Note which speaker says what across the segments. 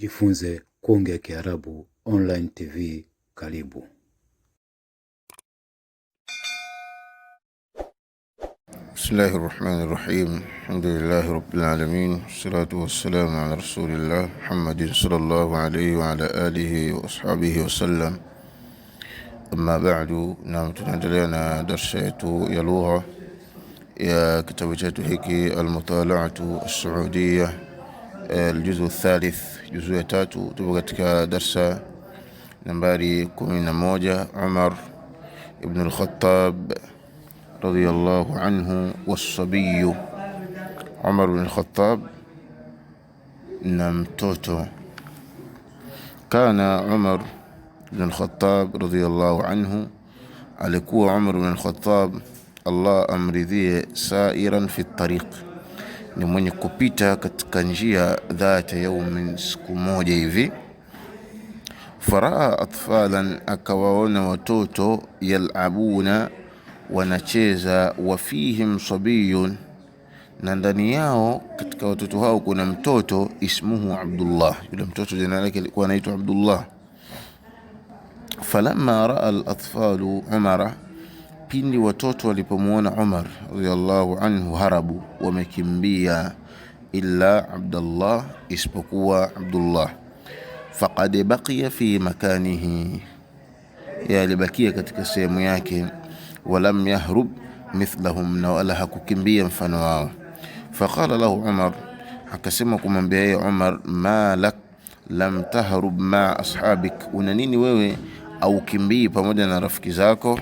Speaker 1: Jifunze kuongea Kiarabu online TV karibu.
Speaker 2: Bismillahi rahmani rahim alhamdulillahi rabbil alamin wassalatu wassalamu ala rasulillah Muhammadin sallallahu alayhi wa ala alihi wa ashabihi wasallam. Amma ba'du, na tunaendelea na darsa yetu ya lugha ya kitabu chetu hiki Almutalaatu Alsuudiya آه، الجزء الثالث جزء تاتو تبغتك درس نمباري كومينا موجة عمر ابن الخطاب رضي الله عنه والصبي عمر بن الخطاب نمتوتو كان عمر بن الخطاب رضي الله عنه عليكو عمر بن الخطاب الله أمرذيه سائرا في الطريق ni mwenye kupita katika njia dhata yaumin, siku moja hivi. Faraa atfalan, akawaona watoto, yalabuna, wanacheza, wafihim sabiyun, na ndani yao katika watoto hao kuna mtoto ismuhu Abdullah, yule mtoto jina lake alikuwa anaitwa Abdullah. Falamma raa alatfalu Umara pindi watoto walipomwona Umar radhiallahu anhu harabu wamekimbia, illa Abdullah, isipokuwa Abdullah. Faqad baqiya fi makanihi, yalibakia katika sehemu yake. Walam yahrub mithlahum, na wala hakukimbia mfano wao. Faqala lahu Umar, akasema kumwambia yeye Umar, ma lak lam tahrub ma ashabik, una nini wewe au kimbii pamoja na rafiki zako?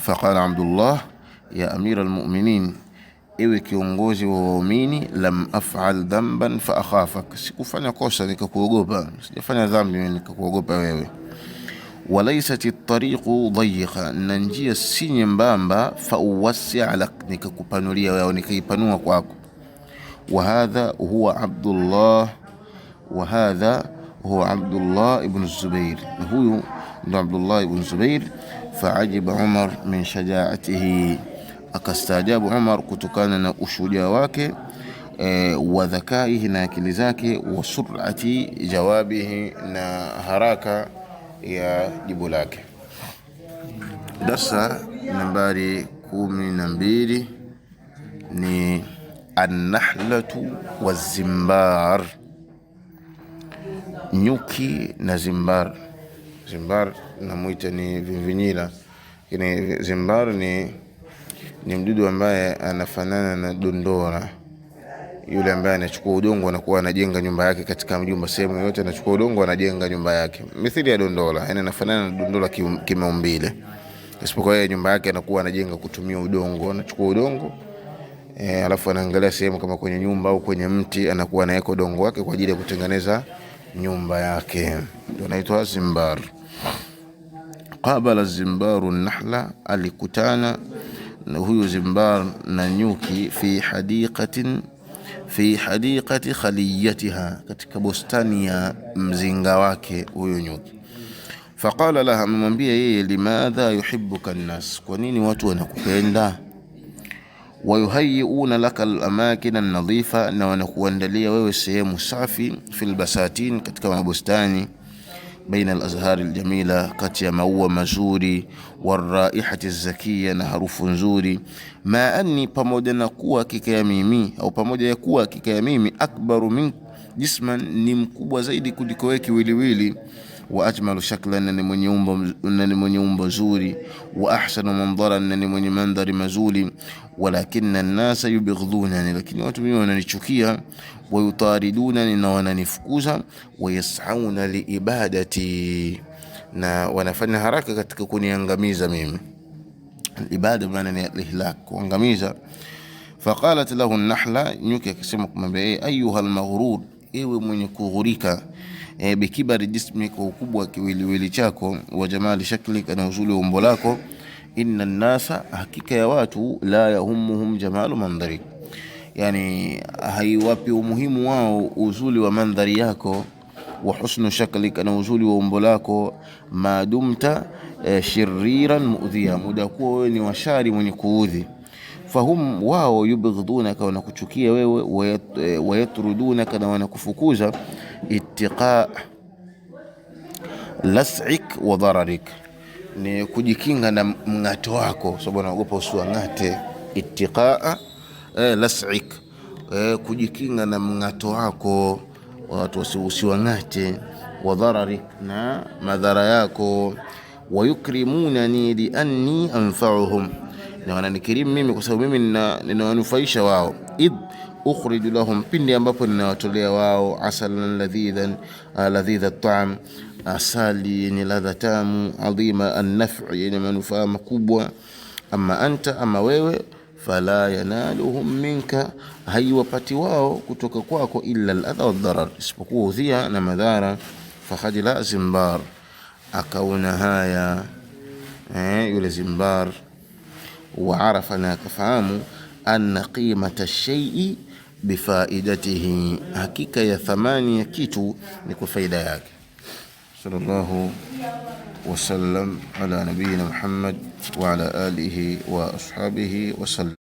Speaker 2: Faqala Abdullah, ya amira almu'minin, ewe kiongozi wa waumini, lam af'al dhanban fa akhafak, sikufanya kosa nikakuogopa, sijafanya dhambi nikakuogopa wewe. Walaysat at-tariqu dayiqa, na njia si nyembamba, fa uwasi'a lak, nikakupanulia wewe, nikaipanua kwako. Wa hadha huwa Abdullah, wa hadha huwa Abdullah ibn Zubair, huyu ndo Abdullah ibn Zubair Faajiba Umar min shajaatihi, akastaajabu Umar kutokana na ushujaa wake e, wa dhakaihi na akili zake, wa surati jawabihi, na haraka ya jibu lake. Darsa nambari kumi na mbili ni annahlatu wazimbar, nyuki na zimbar Zimbar namwita ni vimvinyila, lakini zimbar ni, ni mdudu ambaye anafanana na dondora, yule ambaye anachukua udongo anakuwa anajenga nyumba yake katika mjumba, sehemu yoyote anachukua udongo anajenga nyumba yake mithili ya dondora, yani anafanana na dondora kimaumbile, isipokuwa yeye nyumba yake anakuwa anajenga kutumia udongo, anachukua udongo E, alafu anaangalia sehemu kama kwenye nyumba au kwenye mti anakuwa anaweka udongo wake kwa ajili ya kutengeneza nyumba yake, ndio anaitwa zimbaru. Qabala zimbaru nahla, alikutana na huyu zimbar na nyuki fi hadiqatin fi hadiqati khaliyatiha, katika bustani ya mzinga wake huyo nyuki. Faqala laha, amemwambia yeye, limadha yuhibbuka nnas, kwa nini watu wanakupenda? Wayuhayiuna laka alamakin alnadhifa, na wanakuandalia wewe sehemu safi, fi lbasatin, katika mabustani baina al aljamila kati ya maua mazuri, waraihati zakia, na harufu nzuri. Ma anni, pamoja na kuwa hakika ya mimi au pamoja ya kuwa hakika ya mimi akbaru min jisman, ni mkubwa zaidi kuliko wewe kiwiliwili wa ajmalu shaklan, na ni mwenye umbo zuri, wa ahsanu mandhara, na ni mwenye mandhari mazuri. Walakina nasa yubghidhunani, lakini watu mimi wananichukia. Wayutaridunani, na wananifukuza. Wayasauna liibadati, na wanafanya haraka katika kuniangamiza mimi. Ibada maana ni ihlak, kuangamiza. Faqalat lahu an nahla, nyuki akisema kumwambia, ayuha al-maghrur, ewe mwenye kughurika e, bikibari jismi, kwa ukubwa kiwiliwili chako, wa jamali shakli kana uzuri wa umbo lako. Inna nnasa, hakika ya watu, la yahumuhum jamalu mandhari yani haiwapi umuhimu wao uzuri wa mandhari yako wa husnu shakli kana uzuri wa umbo lako, madumta e, shiriran muudhia, muda kuwa wewe ni washari mwenye kuudhi fahum wao yubghidunaka, wanakuchukia wewe, eh, wayatrudunaka, na wanakufukuza itiqa las'ik wa dararik, ni kujikinga na mng'ato wako, sababu wanaogopa usiwang'ate. Itiqa eh, las'ik, eh, kujikinga na mng'ato wako, watu usiwang'ate, wa dararik, na madhara yako. Wayukrimunani lianni anfa'uhum na wananikirimu mimi kwa sababu mimi ninawanufaisha wao id ukhriju lahum, pindi ambapo ninawatolea wao asalan ah, ladhidha taam, asali yenye ladha tamu, adhima an yenye manufaa makubwa. Ama anta, ama wewe, fala yanaluhum minka, haiwapati wao kutoka kwako, illa ladha adha isipokuwa udhia na madhara. la Zimbar, akaona haya eh, yule Zimbar وعرف ناك فعامو أن قيمة الشيء بفائدته حقيقة يا ثمانية كيتو نكو فايدة ياك صلى الله وسلم على نبينا محمد وعلى آله وأصحابه وسلم